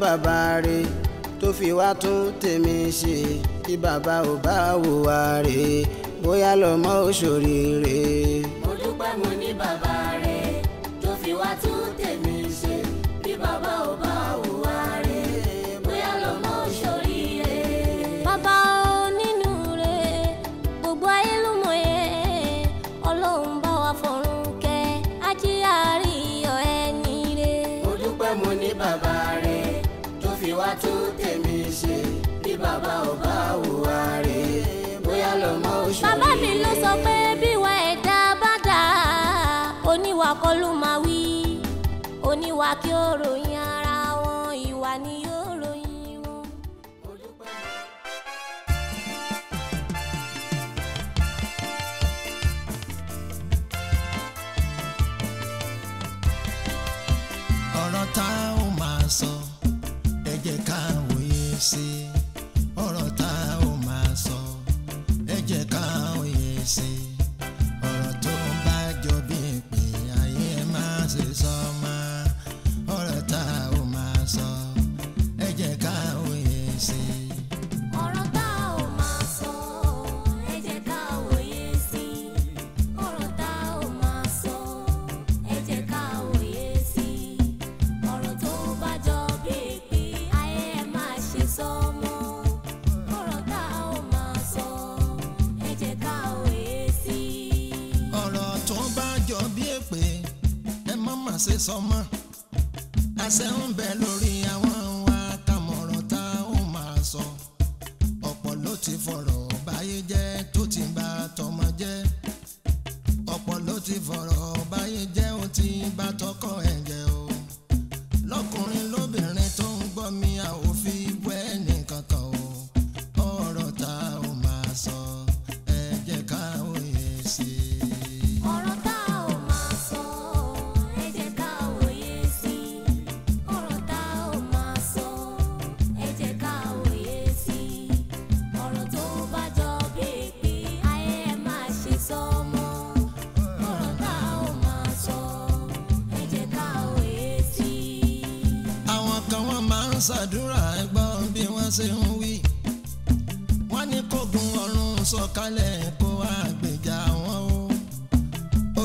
bàbá rè tó fi wá tún tèmi ṣe tí bàbá ò bá wùwà rè bóyá lọ́mọ òṣòrìrè. kí ó ròyìn.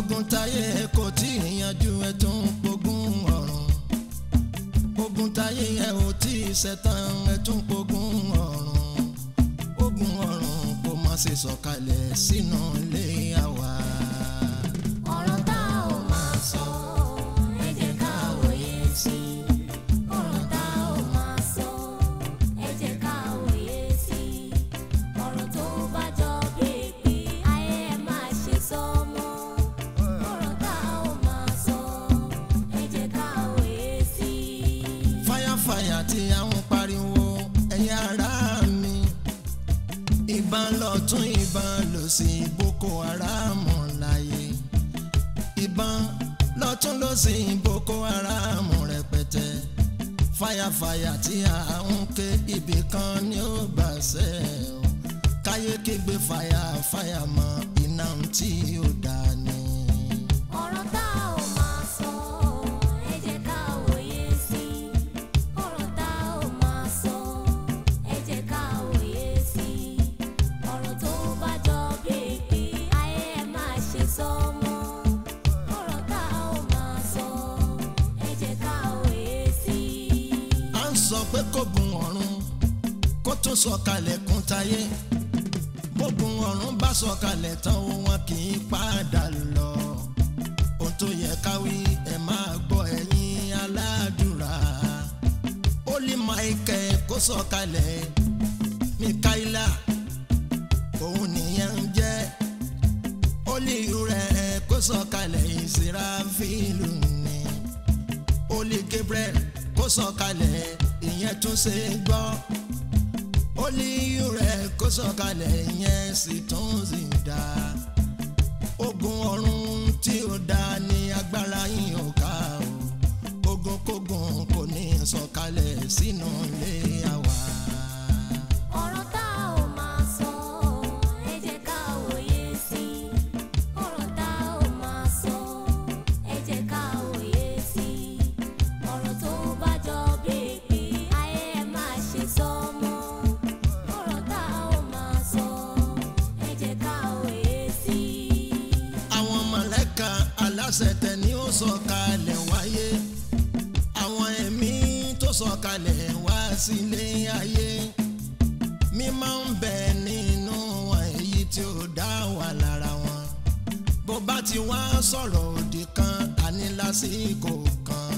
ogun táyé kò tí ì yanjú ẹ tó ń pogún ọ̀run ogun táyé ẹ ò tí ì ṣetán ẹ tó ń pogún ọ̀run ogun ọ̀run kò má ṣe sọ̀kalẹ̀ sínú ilé àwọ̀. káwí ẹ máa gbọ́ ẹ̀yin aládùúrà holy michael kó sọ̀kalẹ̀ mikaela òun nìyẹn ń jẹ́ holy rẹ̀ kó sọ̀kalẹ̀ ìsirafílù ni holy gabriel kó sọ̀kalẹ̀ ìyẹn tún ṣe gbọ́ holy rẹ̀ kó sọ̀kalẹ̀ ìyẹn sì tún sì dáa ogun ọ̀run tí ó dá ní agbára yín ò ká o ogun kógun kò ní sọ̀kalẹ̀ sínú ilé àwa. àṣetẹ̀ ni ó sọ̀kalẹ̀ wáyé àwọn ẹ̀mí tó sọ̀kalẹ̀ wá sílé ayé mímọ́ ń bẹ nínú wọn èyí tí ó dá wà lára wọn bó bá ti wá sọ̀rọ̀ òdì kan àní kan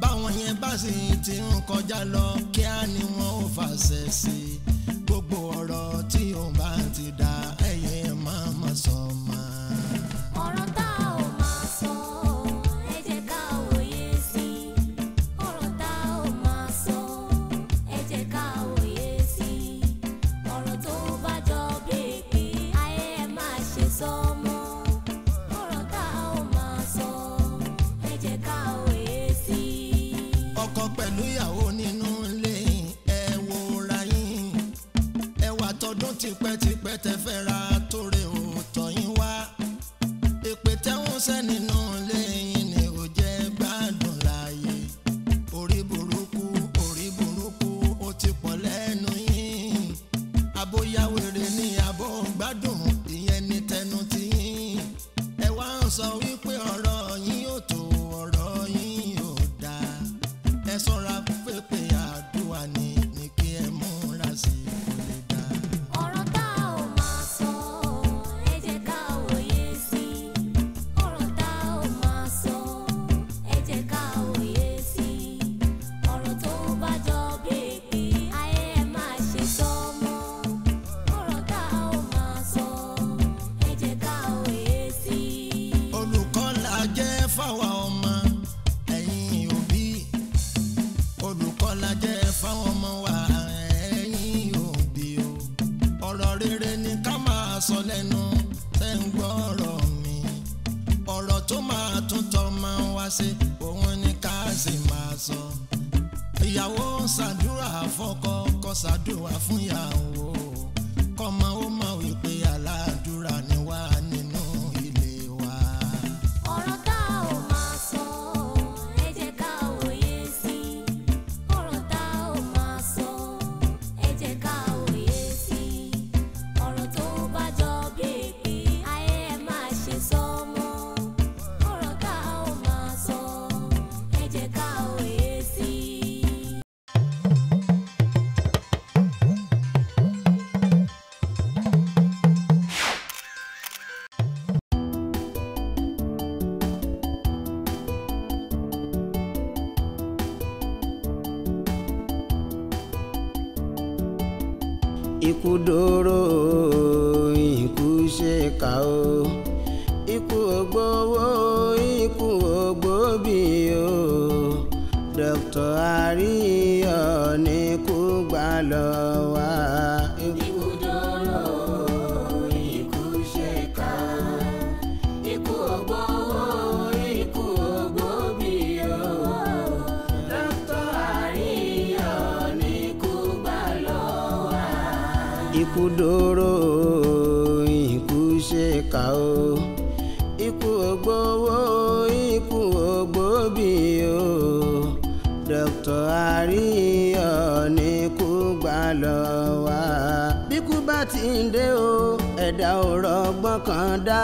báwọn yẹn bá sì ti ń kọjá lọ kíá ni wọn ò fàṣẹ sí gbogbo ọ̀rọ̀ tí òun bá ti dá ìyàwó ṣàdúrà fọ́kọ kó ṣàdúrà fún ìyàwó kọ́mọ ó mọ̀ wípé aláàánú. gbà lọ wá. bíkú bá ti ń dé o ẹ̀dá ò rọgbọ́n kan dá.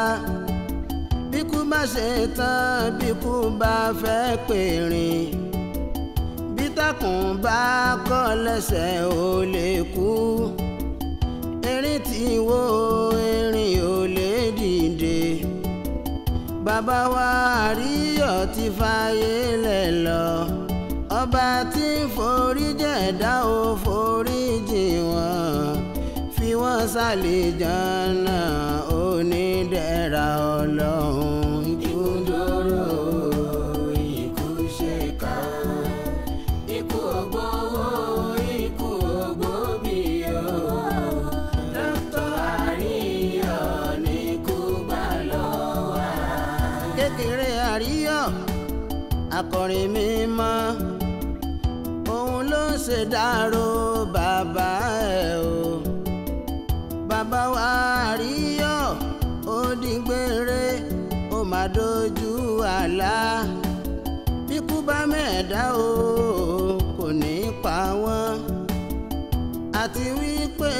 bíkú bá ṣe tán bíkú bá fẹ́ pèrìn. bítàkùn bá kọ́ lẹ́sẹ̀ ò lè kú. erin ti wó erin ò lè dìde. bàbá wa àríyọ̀ ti fàyè lẹ̀ lọ ọba tí ń forí jẹ̀dá ò forí jì wọ́n fi wọ́n sàlìjọ́nà onídẹ̀ra ọlọ́run ikú dúró ikú ṣe akọrin mi ṣe dárò bàbá ẹ̀ o bàbá wa àríyọ̀ ó dìgbére ó má dojú àlá bíkú bá mẹ́ẹ̀dá o kò ní pa wọ́n àti wípé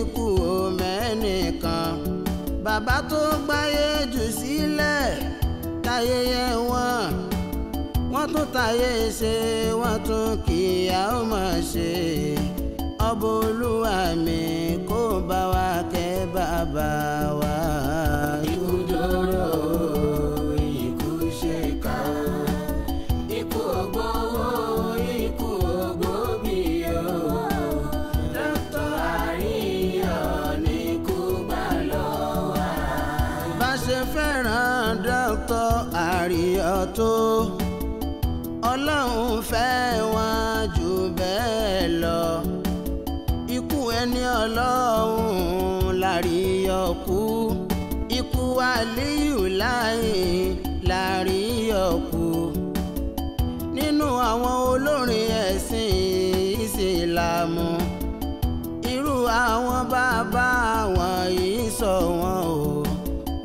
ikú ò mẹ́nìkan bàbá tó gbáyé jù sílẹ̀ táyé yẹ wọ́n wọ́n tún tayé ṣe wọ́n tún kíyà ó mọ̀ ṣe ọba olúwa mi kó bá wa kẹ́ bàbá wa. ikú dóró ikú ṣe ká ikú ọgbọ́n wo ikú ọgbọ́n bí o. dókítà àríyàn ni kú bá lọ wá. bá ṣe fẹ́ràn dókítà àríyàn tó. ọlọ́run lárí ọkú ikú Aliyu láàyè lárí ọkú nínú àwọn olórin ẹ̀sìn ìsìlámù irú àwọn bàbá wọn yìí sọ wọn o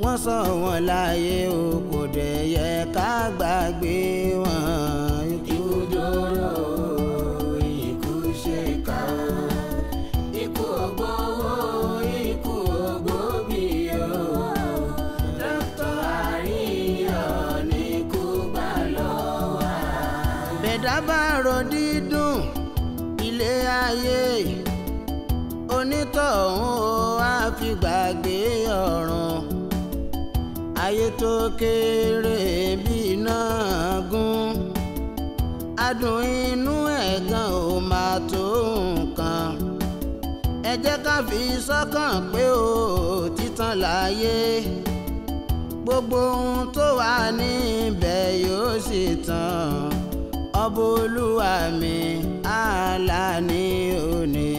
wọ́n sọ wọn láyé o kò dẹ̀ yẹ ká gbàgbé. kéré bí náà gún adùn inú ẹ̀gàn ò máa tó nǹkan ẹ jẹ́ ká fi sọ́kàn pé ó títàn láyé gbogbo ohun tó wà níbẹ̀ yóò sì tán ọbọ̀ olúwa mi àlàní òní.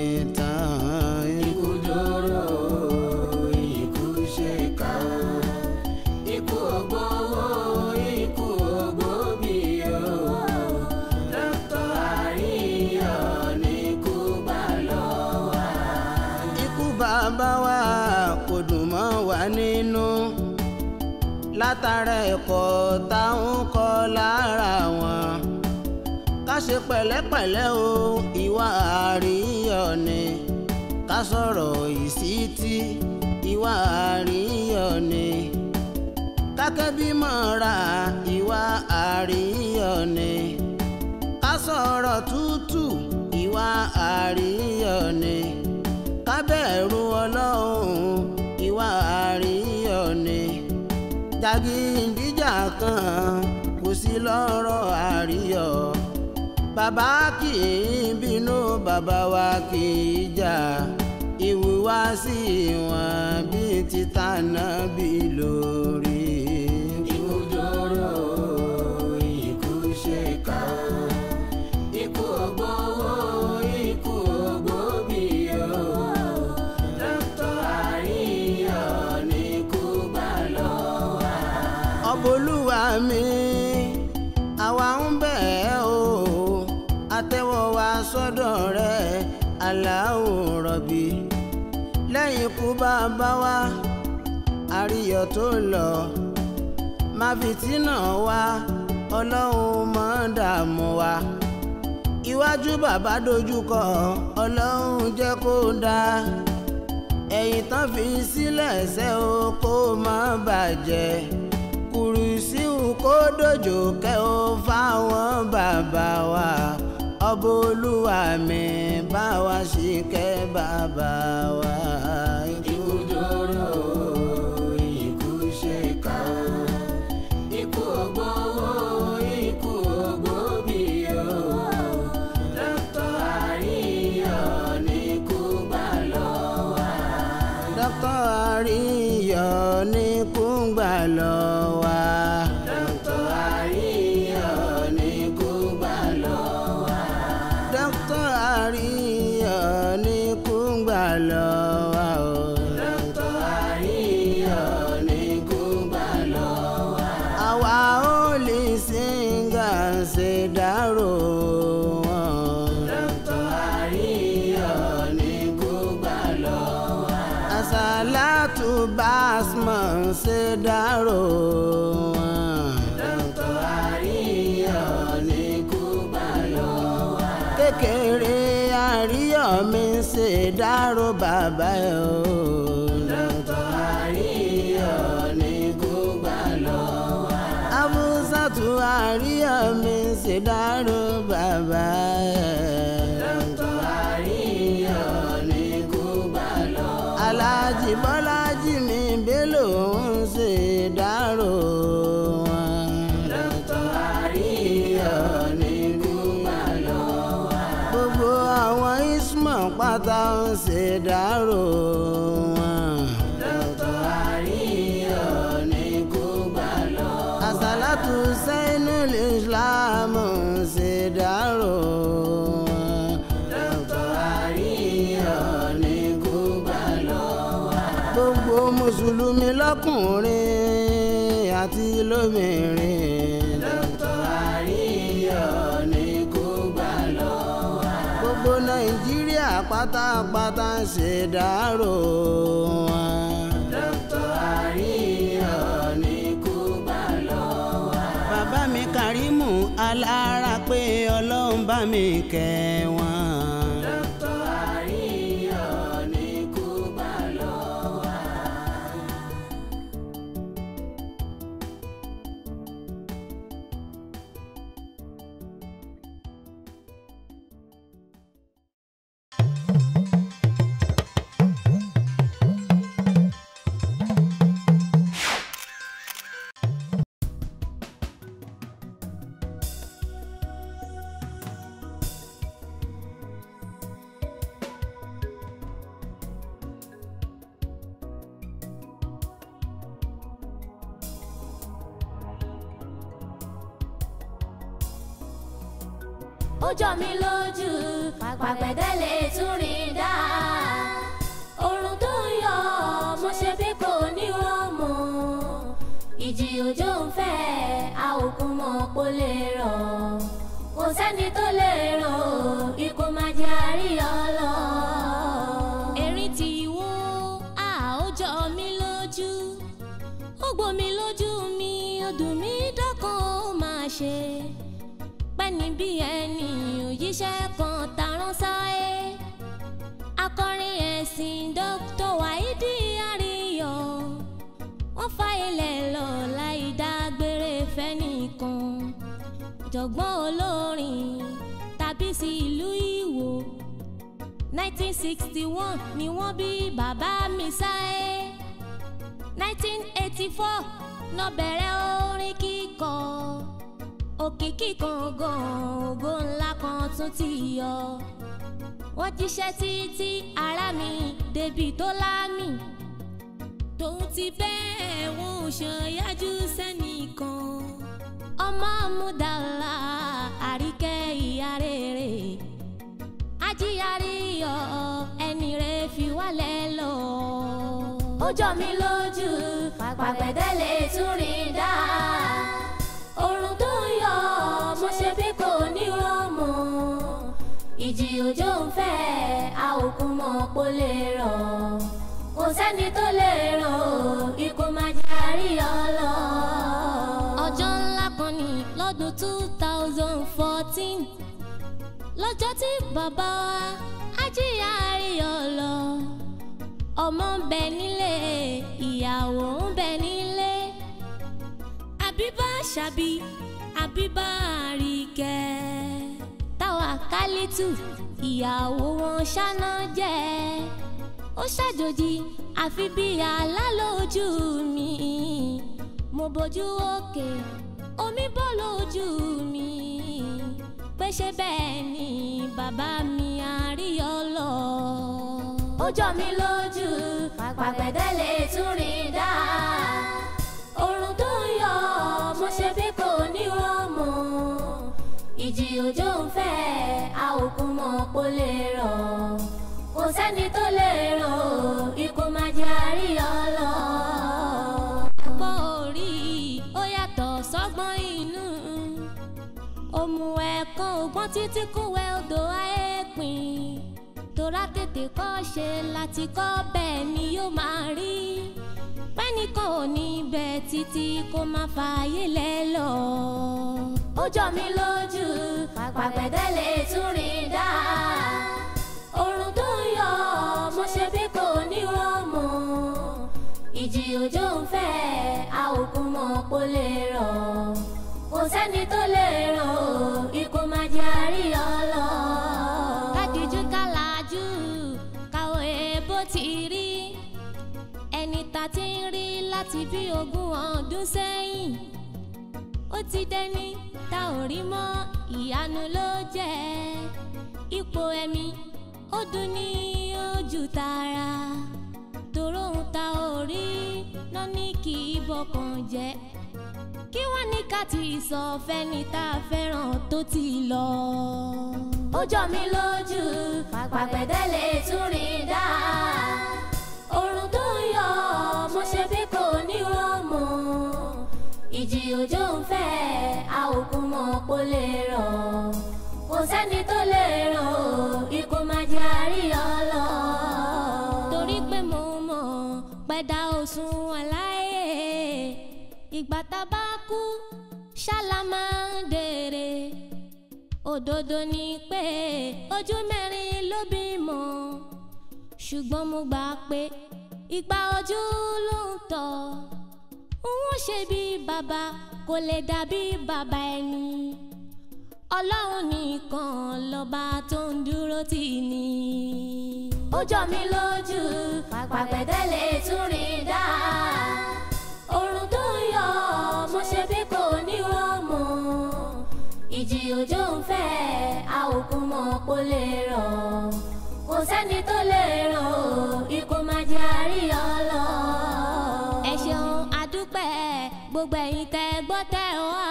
látara ẹ̀kọ́ táwọn kọ́ lára wọn ká ṣe pẹ̀lẹ́pẹ̀lẹ́ o ìwà àríyàn ni ká sọ̀rọ̀ ìsítí ìwà àríyàn ni kákẹ́ bí mọ̀ra ìwà àríyàn ni ká sọ̀rọ̀ tútù ìwà àríyàn ni ká bẹ̀rù ọlọ́run ìwà àríyàn jàgídíjà kan kò sí lọ́rọ̀ àríyọ̀ bàbá kì í bínú bàbá wa kì í jà ìwúwá sí wọn bíi títà náà bí lórí. bolúwa mi àwa ń bẹ̀ ẹ́ o àtẹ́wọ́ wa sọ́dọ̀ rẹ aláwò rọ̀bì lẹ́yìn ikú bàbá wa àríyọ̀ tó lọ má fìtínà wa ọlọ́run má dààmú wa iwájú bàbá dojúkọ ọlọ́run jẹ́ kó dáa ẹ̀yìn tán fi sílẹ̀ ṣẹ́ o kó má bàjẹ́. Wùsíù kó dòjò kẹ́ ó fáwọn bàbá wa ọba olúwa mi bá wa ṣìkẹ́ bàbá wa. dárò wọn. dọ́kọ̀ àríyàn ní kúbà lọ wá. kékeré àríyàn mi ń ṣe dárò bàbá ẹ̀ o. dọ́kọ̀ àríyàn ní kúbà lọ wá. abúsàtú àríyàn mi ń ṣe dárò dárò wọn. dókítà àríyàn ní kó gbà lọ. àsálàtú sẹ́nu lè ṣe dárò wọn. dókítà àríyàn ní kó gbà lọ. gbogbo mùsùlùmí lọ́kùnrin àti lómìnira. pátápátá ṣèdárò wọn. dókítà àríyàn ní kúbà lọ wá. bàbá mi Kàrímù alára pé ọlọ́run bá mi kẹ́ jọ mí lójú pàpẹ́dẹ́ lè tún rìn dá. oòrùn tó ń yọ mo ṣe bí kò ní wọ́n mọ̀ ìjì òjò ń fẹ́ àòkùn mọ̀ kó lè rọ̀ kò sẹ́ni tó lè rọ̀ ìwé. oníṣẹ́ kan tàrán sáyé akọrin ẹ̀sìn dókítà wáídì àríyọ wọ́n fa ilẹ̀ lọ láì dágbére fẹ́nìkan ìjọ̀gbọ́n olórin tàbí sí ìlú Ìwó 1961 ni wọ́n bí bàbá mi sáyé 1984 náà bẹ̀rẹ̀ orin kíkọ òkìkí kan gan-an ńlá tuntun ti yọ wọ́n ti ṣe títí ara mi débi tó lámì tòun ti bẹ́ẹ̀ wọn ò ṣàyájú sẹ́nìkan ọmọ Mudala àríkẹ́ ìyá rere ajíyàrí yọ ẹni rẹ fi wálẹ̀ lọ. ó jọ mi lójú pàpẹ́dẹ́ tún rí dáa. ìjì òjò ń fẹ́ àwòkù mọ̀ kó lè rọ̀ kò sẹ́ni tó lè rọ̀ ikú má jẹ́ àrí ọlọ́. ọjọ́ ńlá kan ní lọ́dún two thousand fourteen lọ́jọ́ tí bàbá wa ajíyá àrí ọlọ́ ọmọ ń bẹ nílé ìyàwó ń bẹ nílé àbíbá ṣàbí àbíbá àríkẹ́ àkálítù ìyàwó wọn ṣáná jẹ ó ṣàjòjì àfi bí àlá lójú mi mo bójú òkè omi bọ́ lójú mi pé ṣé bẹ́ẹ̀ ni bàbá mi àríyọ́ lọ. ó jọ mi lójú pàpẹ́dẹ́ lè tún rìn dáa. ìjì òjò ń fẹ́ a ò kún mọ́ kó lè rọ̀ kò sẹ́ni tó lè rọ̀ ikú má jẹ́ àárí ọlọ́. ọgbọ́n orí ó yàtọ̀ sọ́gbọ́n inú òmùwẹ̀ kan ògbọ́n títí kúwẹ́ odò ayé pin torá tètè kọ́ ṣe láti kọ́ bẹ́ẹ̀ ni yóò máa rí pẹ́ni kan ò ní bẹ̀ títí kó má fààyè lẹ́ lọ. ó jọ mí lójú pàpẹ́dẹ́ lè tún rí dá oorun tó ń yọ mo ṣe bí kò ní wọ́n ìjì òjò ń fẹ́ àòkùn mọ̀ kó lè rọ̀ kò sẹ́ni tó lè rọ̀ ikú. láti bí ogún ọdún sẹ́yìn ó ti dẹni tá ò rí mọ́ ìyanu ló jẹ́ ipò ẹ̀mí ó dùn ní ojú tara tòró ń ta orí náà ní kì í jẹ́ kí wọ́n ní ká ti sọ fẹ́ni tá a fẹ́ràn tó ti lọ. ó jọ mi lójú pàpẹ́dẹ́ lè tún rí dáa oorun tó ṣe bí kò ní rọmọ ìjì òjò ń fẹ́ a ò kún mọ́ kó lè rọ̀ kò sẹ́ni tó lè rọ̀ ikú má jẹ́ àárí ọlọ́. torí pé mo mọ̀ pẹ̀dá òsùn aláyè ìgbà tá a bá kú ṣálámà ń dèrè òdodo ni pé ojú mẹ́rin ló bímọ ṣùgbọ́n mo gbà pé ìgbà ojú ló ń tọ̀ òun ṣe bí bàbá kò lè dàbí bàbá ẹni ọlọ́run nìkan lọ́ba tó ń dúró tì ní. ó jọ mi lójú pàpẹ́tẹ́lẹ̀ tún rí dá oòrùn tó ń yọ mo ṣe bí kò ní wọ́n mọ̀ ìjì òjò ń fẹ́ a ò kún mọ́ rọ̀ sẹ́ni tó lè ràn ó ikú má jẹ́ àárí ọlọ. ẹ ṣeun àdúpẹ́ gbogbo ẹ̀yin tẹ́ gbọ́ tẹ́ ọ wá.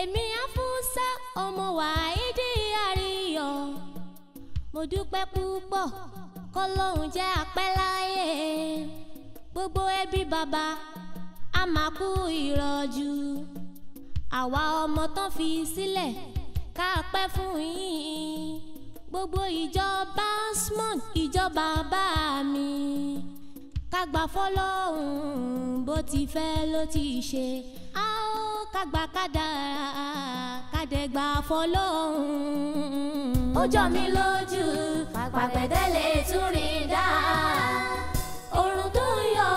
èmi afúnṣá ọmọ wàhídì àríyọ mo dúpẹ́ púpọ̀ kọ́lọ́hún jẹ́ apẹ́ láyé gbogbo ẹbí bàbá a máa kú ìrọ̀jú àwa ọmọ tán fi sílẹ̀ ká pẹ́ fún yín gbogbo ìjọba smon ìjọba bá mi kágbà fọlọ́hún bó ti fẹ́ ló ti ṣe a ó kágbà kádàrá kádẹ́gbà fọlọ́hún. ó jọ mi lójú pàpẹ́dẹ́lẹ̀ tún rí dá oorun tó ń yọ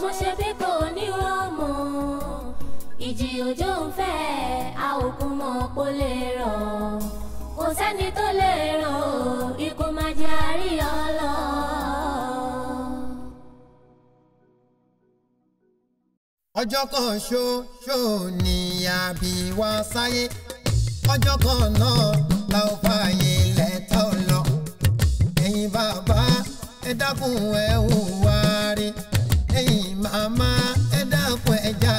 mo ṣe bí kò ní rọ́mọ ìjì òjò ń fẹ́ a mọ́ kó lè rọ̀ kò sẹ́ni tó lè ràn ó ikú má jẹ́ àárí ọlọ. ọjọ́ kan ṣoṣo ni àbí wá sáyé ọjọ́ kan náà la ó fààyè lẹ́tọ̀ lọ ẹ̀yin bàbá ẹ dákun ẹ hùwà ẹ̀yin màmá ẹ dákun ẹ jà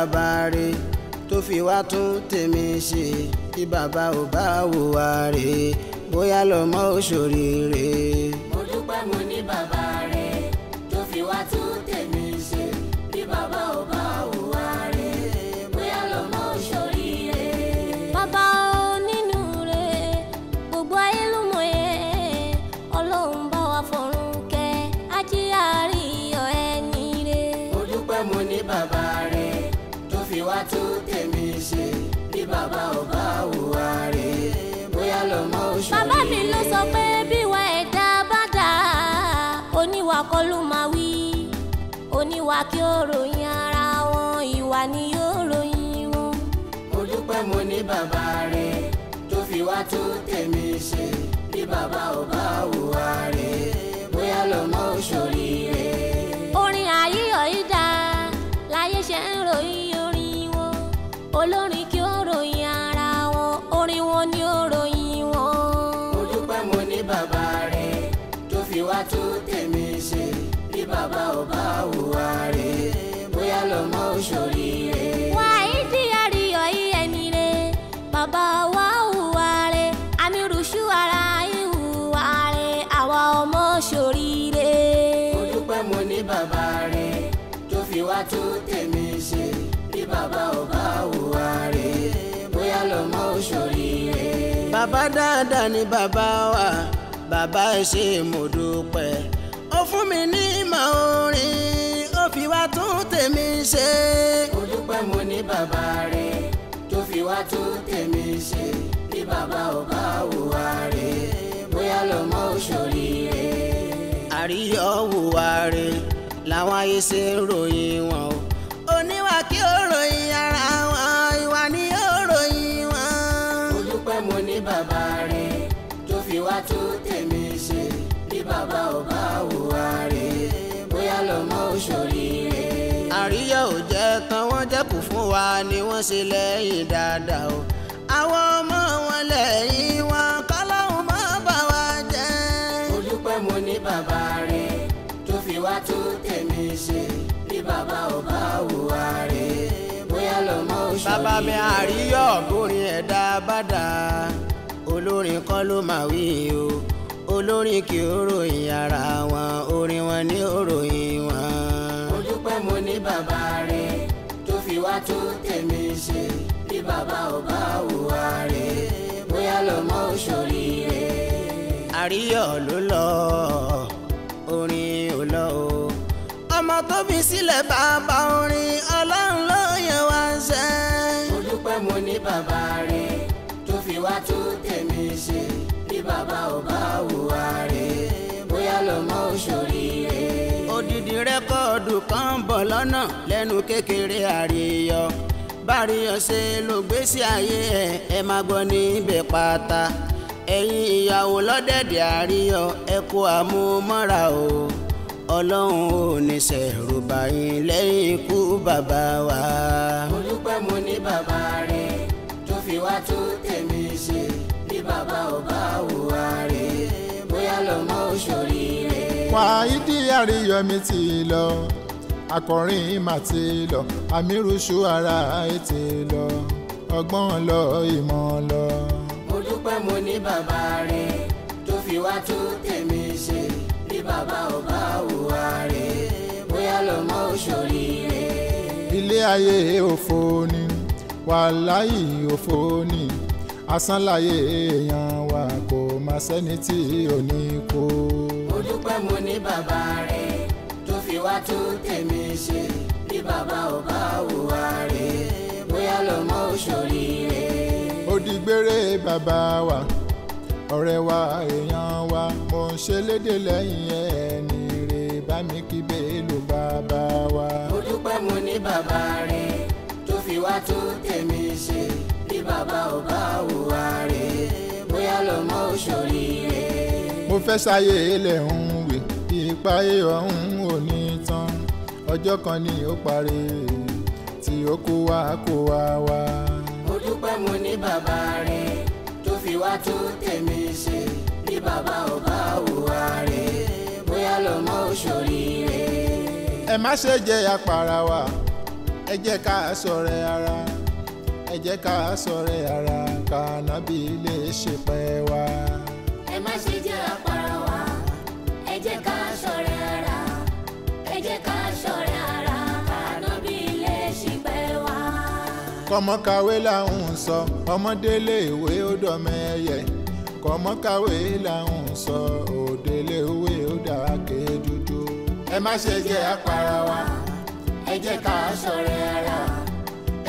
bàbá rè tó fi wá tún tèmi ṣe tí bàbá ò bá wò wá rè bóyá lọ́mọ òṣòrìrè. bàbá ò bá hùwà rè bóyá lọ́mọ ò ṣoríire. orin àyíyọ̀ yìí dáa láyé ṣe ń ròyìn orin wọn olórin kí ó ròyìn ara wọn orin wọn ni ó ròyìn wọn. mo dúpẹ́ mo ní bàbá rè tó fi wá tó tèmi ṣe bí bàbá ò bá hùwà rè bóyá lọ́mọ ò bàbá ò bá hùwà rè bóyá lọ́mọ ò ṣoríire. bàbá dáadáa ni bàbá wa bàbá ẹ ṣé mo dúpẹ́ ó fún mi ní ìmọ̀ orin ó fi wá tún tèmi ṣe. mo dúpẹ́ mo ní bàbá rè tó fi wá tún tèmi ṣe bí bàbá ò bá hùwà rè bóyá lọ́mọ ò ṣoríire. àríyọ̀ hùwà rè làwọn ayé ṣe ń ròyìn wọn o kí ó ròyìn ara wọn ìwà ni ó ròyìn wọn. mo dúpẹ́ mo ní bàbá rẹ̀ tó fi wá tó tèmi ṣe bí bàbá ò bá hùwà rẹ̀ bóyá lọ́mọ ó àríyá ò jẹ́ kan wọ́n jẹ́kù fún wa ni wọ́n ṣe lẹ́yìn dáadáa o àwọn ọmọ wọn lẹ́yìn wọn kọ́lọ́hún má bà wá jẹ́. mo mo ní bàbá rẹ̀ tó fi wá tó tèmi ṣe bí bàbá ò bá hùwà rẹ̀ bàbá mi àríyọ̀ bórin ẹ̀dá bàdà olórin kan ló máa wí o olórin kì í ròyìn ara wọn orin wọn ní òròyìn wọn. mo dúpẹ́ mo ní bàbá rẹ̀ tó fi wá tó tèmi ṣe bí bàbá ò bá hùwà rẹ̀ bóyá lọ́mọ ò ṣoríire. àríyọ̀ ló lọ orin ò lọ o ọmọ tó fi sílẹ̀ bàbá orin bàbá rè tó fi wá tó tèmi ṣe bí bàbá ò bá hùwà rè bóyá lọ́mọ ò ṣoríire. odidi rẹ́kọ̀dù kan bọ̀ lọ́nà lẹ́nu kékeré àríyọ báríyọ ṣe ló gbésí ayé ẹ ẹ máa gbọ́ níbẹ̀ pátá ẹ̀yin ìyàwó lọ́dẹ̀dẹ̀ àríyọ ẹ kó àmúmọ́ra o ọlọ́run ò ní ṣẹ̀rù báyìí lẹ́yìn ikú bàbá wa. olùpẹ̀ mo ní bàbá rẹ̀ wá tún tèmi ṣe bí bàbá ò bá hùwà rè bóyá lọ́mọ ò ṣoríire. Wàyídì Àríyọ̀mí ti lọ akọrin mà ti lọ àmírù ṣúara ètè lọ ọgbọ́n lọ ìmọ̀ lọ. mo dúpẹ́ mo ní bàbá rẹ̀ tó fi wá tún tèmi ṣe bí bàbá ò bá hùwà rè bóyá lọ́mọ ò ṣoríire. ilé ayé òfo ni wàláyì òfò ni asánláyé èèyàn wa kò má sẹ́ni tí ò ní kó. mo dúpẹ́ mo ní bàbá rẹ̀ tó fi wá tó tèmi ṣe bí bàbá ò bá hùwà rẹ̀ bóyá lọ́mọ ò ṣoríire. òdìgbére bàbá wa ọ̀rẹ́ wa èèyàn wa mo ń ṣe léde lẹ́yìn ẹni rè bá mi kí bẹ́ẹ̀ ló bàbá wa. mo mo ní bàbá rẹ̀ wá tún tèmi ṣe bí bàbá ò bá hùwà rè bóyá lọ́mọ ò ṣoríire. mo fẹ́ sáyé ilẹ̀ ń wè ìpayé ọ̀hún ò ní tán ọjọ́ kan ni ó parí tí ó kó wá kó wá wá. mo dúpẹ́ mo ní bàbá rẹ̀ tó fi wá tún tèmi ṣe bí bàbá ò bá hùwà rè bóyá lọ́mọ ò ṣoríire. ẹ má ṣe jẹ́ apara wa ẹ jẹ́ ká ṣọ̀rẹ́ ara ẹ jẹ́ ká ṣọ̀rẹ́ ara kànábì lè ṣe pẹ́ wá. ẹ má ṣe jẹ́ àpárá wa ẹ jẹ́ ká ṣọ̀rẹ́ ara ẹ jẹ́ ká ṣọ̀rẹ́ ara kànábì lè ṣe pẹ́ wá. kọ́mọkàwé là ń sọ ọmọdé lè wé ó dọ̀mẹ́yẹ kọ́mọkàwé là ń sọ òdèlé òwe ó dàáké dúdú. ẹ má ṣe jẹ́ àpárá wa ẹ jẹ́ ká ṣọ̀rẹ́ ara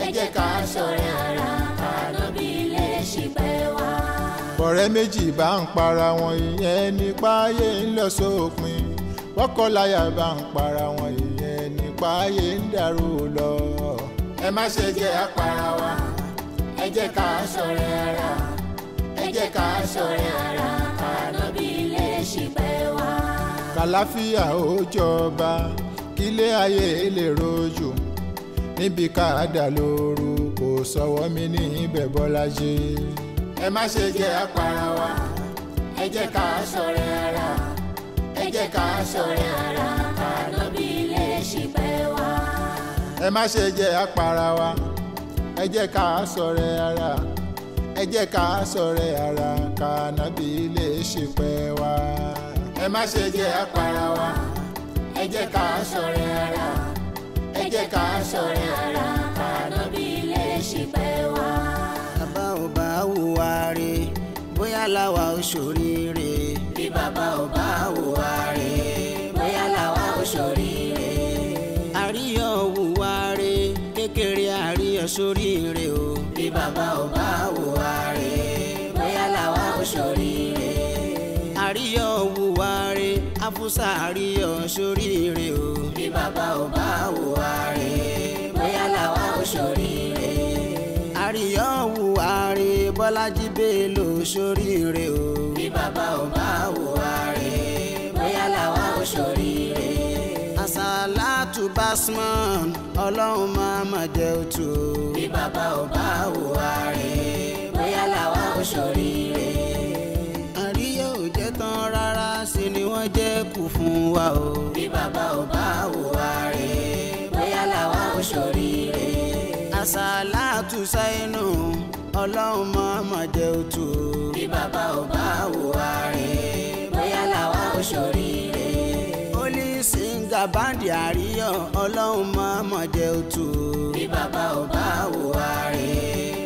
ẹ jẹ́ ká ṣọ̀rẹ́ ara ànábì lè ṣì pẹ́ wá. bọ̀rẹ́ méjì bá ń para wọn ìyẹn nípa ayé ń lọ sópin wọ́kọ̀ bá ń para wọn ìyẹn nípa ayé ń dàrú lọ. ẹ má ṣe jẹ́ àpara wa ẹ jẹ́ ká ṣọ̀rẹ́ ara ẹ jẹ́ ká ṣọ̀rẹ́ ara ànábì lè ṣì pẹ́ wá. kàláfíà ó jọba. Ile ayé lè rojú níbi káàdà lóru kò sọ̀wọ́ mi ní ibẹ̀ Bọ́lájí. ẹ má ṣe jẹ́ apara wa ẹ jẹ́ ká ṣọ̀rẹ́ ara ẹ jẹ́ ká ṣọ̀rẹ́ ara ànábì lè ṣìpẹ̀ wá. ẹ má ṣe jẹ́ apara wa ẹ jẹ́ ká ṣọ̀rẹ́ ara ẹ jẹ́ ká ṣọ̀rẹ́ ara kànábì lè ṣìpẹ̀ wá. ẹ má ṣe jẹ́ apara wa. ẹ jẹ́ ká ṣọ̀rẹ́ ara ẹ jẹ́ ká ṣọ̀rẹ́ ara kànábì lè ṣì pẹ́ wá. bàbá ò bá hùwà rè bóyá làwa ò ṣoríire. bí bàbá ò bá hùwà rè bóyá làwa ò ṣoríire. àríyọ̀ hùwà rè kékeré àríyọ̀ ṣoríire o. bí bàbá ò bá fúsà rí ọ sóríire o. bí bàbá ò bá wò wá rè é bóyá làwa ò sóríire. àríyọ́ wù wá rè é bọ́lájí bèèlò sóríire o. bí bàbá ò bá wò wá rè bóyá làwa ò sóríire. àṣàlátù basmọ́n ọlọ́run máa mà jẹ́ òtù bí bàbá ò bá Sàlátù Sáínù ọlọ́run máa mà jẹ́ òtù. bí bàbá ò bá hùwà rẹ̀ bóyá làwa ò ṣoríire. ó ní sìngà báńdì àríyọ̀ ọlọ́run máa mà jẹ́ òtù. bí bàbá ò bá hùwà rẹ̀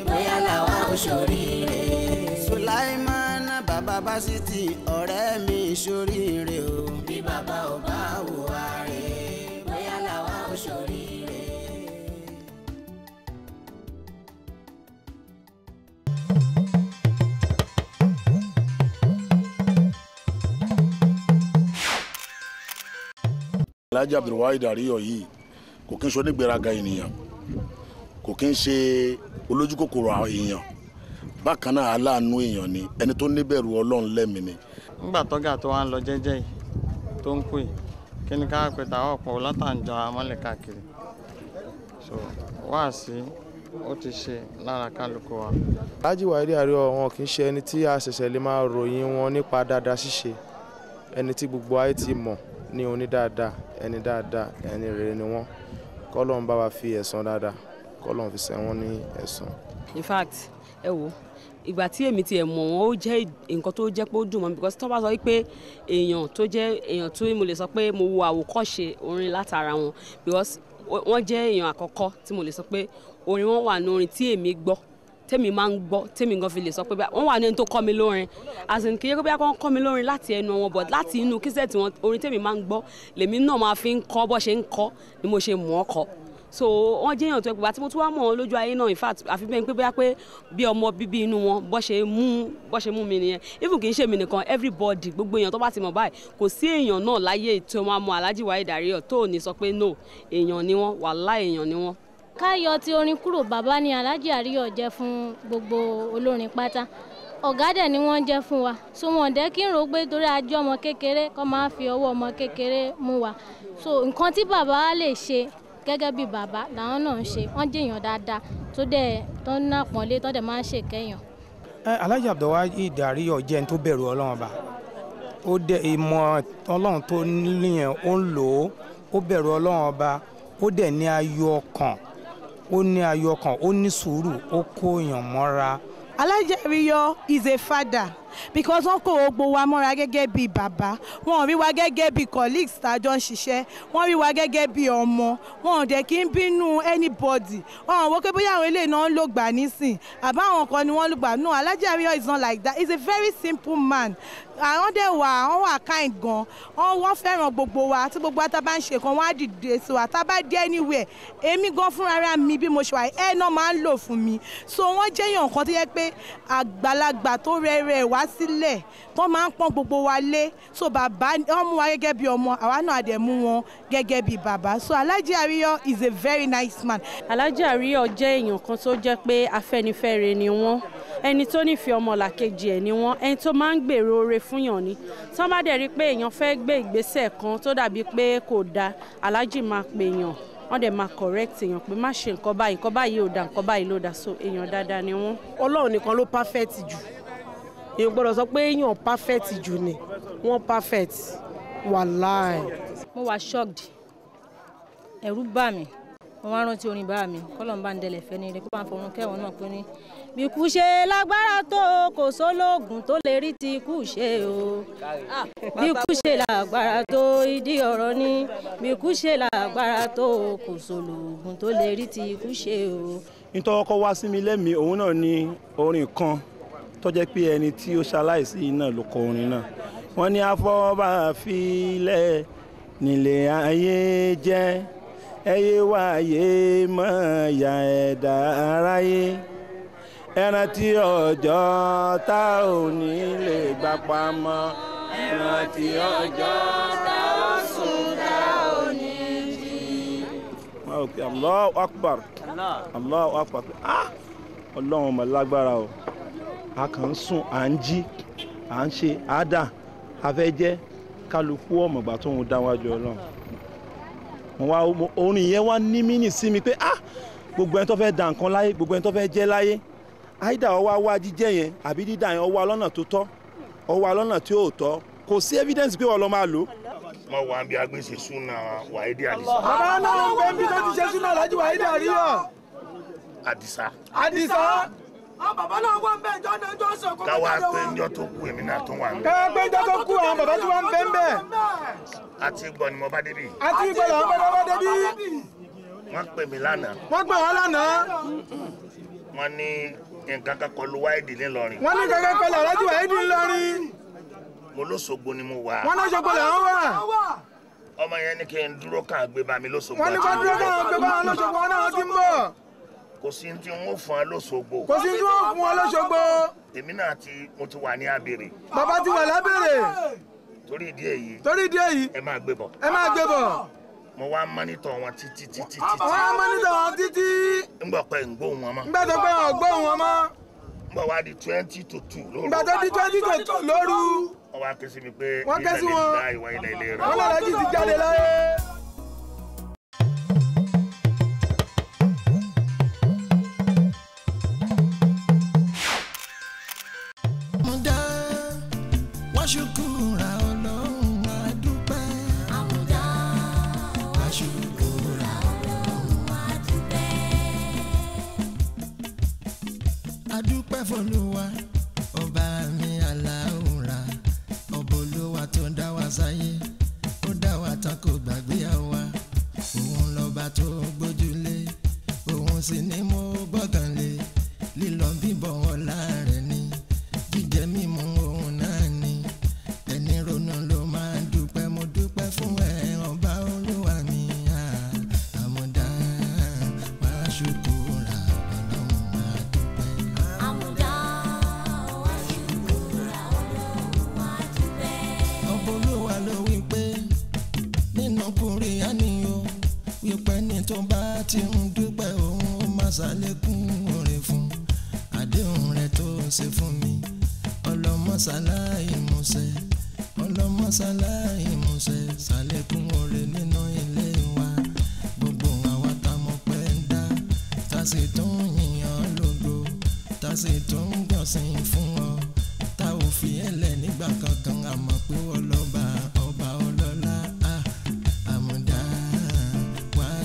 bóyá làwa ò ṣoríire. Sùláìmán bàbá Básítì ọ̀rẹ́ mi ṣoríire o. bí bàbá ò bá hùwà rẹ̀. Alhaji Abdulwahid Ariyo yìí kò kí n ṣe onígbéraga ènìyàn kò kí n ṣe olójúkòkòrò èèyàn bákan náà aláàánú èèyàn ni ẹni tó níbẹ̀rù Ọlọ́run lẹ́mìí ni. nígbà tọ́gà tó wá ń lọ jẹ́jẹ́ yìí tó ń kú yìí kí ni ká pè táwọn ọ̀pọ̀ látàǹjọ amọ́lẹ̀ káàkiri so wáàsí ó ti ṣe lára kálukú wa. Alhaji Waheed Ariyo wọn kì í ṣe ẹni tí a ṣẹ̀ṣẹ̀ lè máa ròyìn wọn nípa dáadáa ṣíṣe ẹni tí gbogbo ayé ti mọ̀ ní oní dáadáa ẹni dáadáa ẹni rere ni wọ́n kọ́lọ́n bá wa fi ẹ̀san dáadáa kọ́lọ́n fi san wọ́n ní ẹ̀san. in fact ẹ wo ìgbà tí èmi tiẹ̀ mọ̀ wọ́n ó jẹ́ nǹkan tó jẹ́ pé ó dùn mọ́ mi because tó bá sọ pé èèyàn tó jẹ́ èèyàn tó mo lè sọ pé mo wo àwòkọ́ṣe orin látara wọn because wọ́n jẹ́ èèyàn àkọ́kọ́ tí mo lè sọ pé orin wọn wà ní orin tí èmi gbọ́ tèmi máa ń gbọ́ tèmi gan fi lè sọ pé wọ́n wà ní ẹni tó kọ́ mi lórin as in kì í ṣe pé bóyá kọ́ mi lórin láti ẹnu wọn but láti inú kíṣẹ́ tí wọ́n orin tèmi máa ń gbọ́ lèmi náà máa fi ń kọ́ bó ṣe ń kọ́ ni mo ṣe mọ̀ ọ́ kọ́ so wọ́n jẹ́ èèyàn tó ẹ pé bá tí mo tún wá mọ̀ ọ́ lójú ayé náà in fact àfi bẹ́ẹ̀ pé bóyá pé bí ọmọ bíbí inú wọn bó ṣe mú bó ṣe mú mi nìyẹn even kì í ṣe mi nìkan everybody gbogbo èèyàn tó bá ti mọ̀ báyìí kò sí èèyàn náà láyé tí wọ́n máa mọ Alhaji Waheed Areeya tó ò ní sọ pé no èèyàn ni wọ́n wàhálà èèyàn ni wọ́n káyọ ti orin kúrò bàbá ni Alhaji Àríyọ jẹ́ fún gbogbo olórin pátá ọ̀gá dẹ̀ ni wọ́n jẹ́ fún wa so wọn dẹ́ kí n rò pé torí ajé ọmọ kékeré kọ́ máa fi ọwọ́ ọmọ kékeré mú wa so nǹkan tí bàbá lè ṣe gẹ́gẹ́ bí bàbá làwọn náà ń ṣe wọ́n jèèyàn dáadáa tó dẹ̀ tó ń ná pọ́nlé tó dẹ̀ máa ń ṣèkẹ́yàn. ẹ Alhaji Abdulwaheed Ariyo jẹ́ ẹni tó bẹ̀rù Ọlọ́run bá ó dẹ̀ ìmọ̀ Ọlọ́run tó níyẹn ó ń lò ó bẹ̀rù Ọlọ́run bá ó dẹ̀ ní ayọ̀ ọkàn ó ní ayọ̀ ó ní sùúrù ó kó èèyàn mọ́ra. alájẹrìyọ is a father because wọ́n kó gbogbo wa mọ́ra gẹ́gẹ́ bí bàbá wọ́n rí wa gẹ́gẹ́ bí colleagues tàjọ ń ṣiṣẹ́ wọ́n rí wa gẹ́gẹ́ bí ọmọ wọ́n dẹ̀ kí ń bínú anybody wọ́n wọ́n pé bóyá àwọn eléyìí náà ń lò gbà nísìn àbá àwọn kan ni wọ́n lò gbà no Alhaji is not like that he is a very simple man àwọn ah, dẹ̀ wà wọ́n wà kind gan wọ́n wọ́n fẹ́ràn gbogbo wa tí gbogbo wa tá bá ń ṣe kan wọ́n á dìde sí wa tá bá dé anywhere èmi gan fúnra mi bí mo ṣe wà ẹ̀ náà máa ń lò fún mi so wọ́n jẹ́ èèyàn kan tó yẹ pé àgbàlagbà tó rẹ̀rẹ̀ wá sílẹ̀ tó máa ń pọ́n gbogbo wa lé so bàbá wọ́n mú wa gẹ́gẹ́ bí ọmọ àwa náà dẹ̀ mú wọn gẹ́gẹ́ bí bàbá so Alhaji Ariyo is a very nice man. Alhaji Ariyo jẹ́ èèyàn kan tó jẹ́ pé afẹ́nifẹ́re ni wọ́n ẹni tó nífẹ̀ẹ́ ọmọlàkejì ẹ̀ ni wọ́n ẹni tó máa ń gbèrò oore fún yàn ni tí wọ́n bá dẹ̀ rí i pé èèyàn fẹ́ gbé ìgbésẹ̀ kan tó dàbí pé kò dáa aláàjì máa pè yàn wọ́n dẹ̀ máa correct èèyàn pé má ṣe nǹkan báyìí nǹkan báyìí ò dá nǹkan báyìí ló dá so èèyàn dáadáa ni wọ́n. ọlọ́run nìkan ló perfect jù èèyàn gbọ́dọ̀ sọ pé èèyàn perfect jù ni wọ́n perfect wàláì. mo wà shocked ẹ̀rù bà mí mo wá rántí orin bá mi kọ́lọ̀ ń bá ń dẹlẹ̀ fẹ́ ni rẹ̀ kó bá ń fọ̀run náà pé ní bíkú ṣe lágbára tó kò sólóògùn tó lè rí ti ikú ṣe o bíkú ah, ṣe lágbára tó ìdí ọ̀rọ̀ ni bíkú ṣe lágbára tó kò sólóògùn tó lè rí ti ikú ṣe o. nítorí ọkọ wá sí mi lẹ́mìí òun náà ni orin kan tó jẹ́ pé ẹni tí ó ṣaláìsí náà ló kọ orin náà wọ́n ní afọ́bà filẹ̀ nílé ayé jẹ́ ẹyẹ wáyé mọ̀ ya ẹ̀dá aráyé ẹran tí ọjọ́ tá ò ní lè gbà pamọ́ ẹran tí ọjọ́ tá ò sùn tá ò ní jí. Allahu akbar Allah akbar ah ọlọ́run ọmọ lágbára o a kàn ń sùn à ń jí à ń ṣe àádà afẹ́jẹ́ kálukú ọ̀mọ̀gbà tó ń dá wájú ọlọ́run orin yẹn wá ní mínì sí mi pé ah gbogbo ẹni tó fẹ́ dà nǹkan láyé gbogbo ẹni tó fẹ́ jẹ́ láyé àìdá ọwọ́ awá jíjẹ́ yẹn àbí dídá yẹn ọwọ́ alọ́nà tó tọ́ ọwọ́ alọ́nà tí ò tọ́ kò sí evidence pé wọ́n lọ máa lò. mo wà bí agbèsè súnà wàhídì àdìsá. bàbá náà ń bẹ bí tó ti ṣe súnà lájú wàhídì àríyọ. àdìsá. àdìsá. àwọn ah, bàbá náà wà ń bẹ ìjọ náà ìjọ sọ kó kí tó kú èmi náà tó wà ń bẹ. káwa pé tó kú àwọn bàbá tí wọn ń bẹ ń bẹ. àti gbọ́ ni mo bá débi. àti gbọ́ làwọn bá débi. wọ́n pè mí lánàá. wọ́n gbà wá lánàá. wọ́n ní nǹkan kan kọlu wáìdì ńìlọrin. wọ́n ní kankan kọlu aláàjì wáìdì ńìlọrin. mo lóṣogbo ni mo wà. wọ́n lóṣogbo làwọn wà. ọmọ yẹn ní kí n dúró kàn án gbé bá mi lóṣogbo. wọ́n ní kí n dúró kàn án gbé bá mi lóṣogbo wọn náà ti ń bọ̀. kò sí tí wọ́n fún ọ lóṣogbo. kò sí tí wọ́n fún ọ lóṣogbo. èmi náà ti mo ti wà ní abèrè. bàbá ti wà lábèrè. torí ìdí èyí. torí ìdí èyí. ẹ máa gbé bọ̀. ẹ máa gbé bọ̀ mo wá mọ́nítọ̀ wọn títí títí. mo wá mọ́nítọ̀ wọn títí. ń bọ̀ pé ń gbóhùn wọn mọ́. ń bẹ̀ tó pé wọn ò gbóhùn wọn mọ́. ń bọ̀ wá di twenty to two lóru. ìgbà tó di twenty to two lóru. wọ́n wá ké sí mi pé ilẹ̀ lè gba ìwà ilẹ̀ ilé rẹ̀. wọ́n lọ́ọ́ lọ́ọ́ jí ti jáde láyé.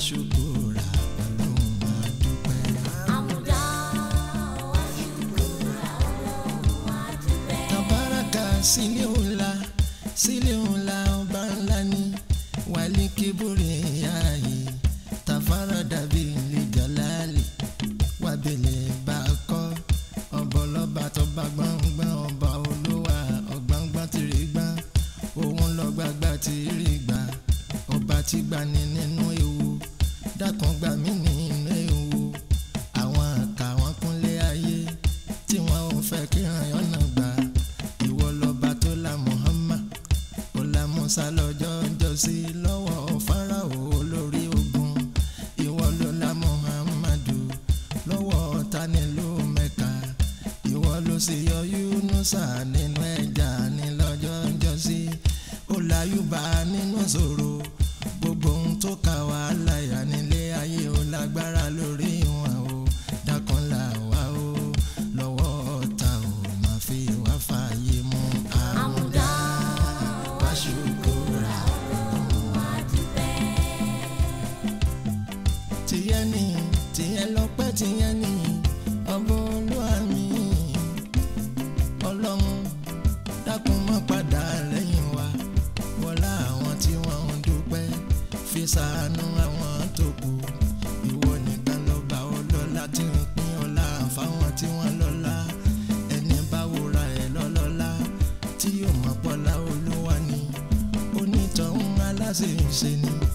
ṣògo rà ló máa blessing.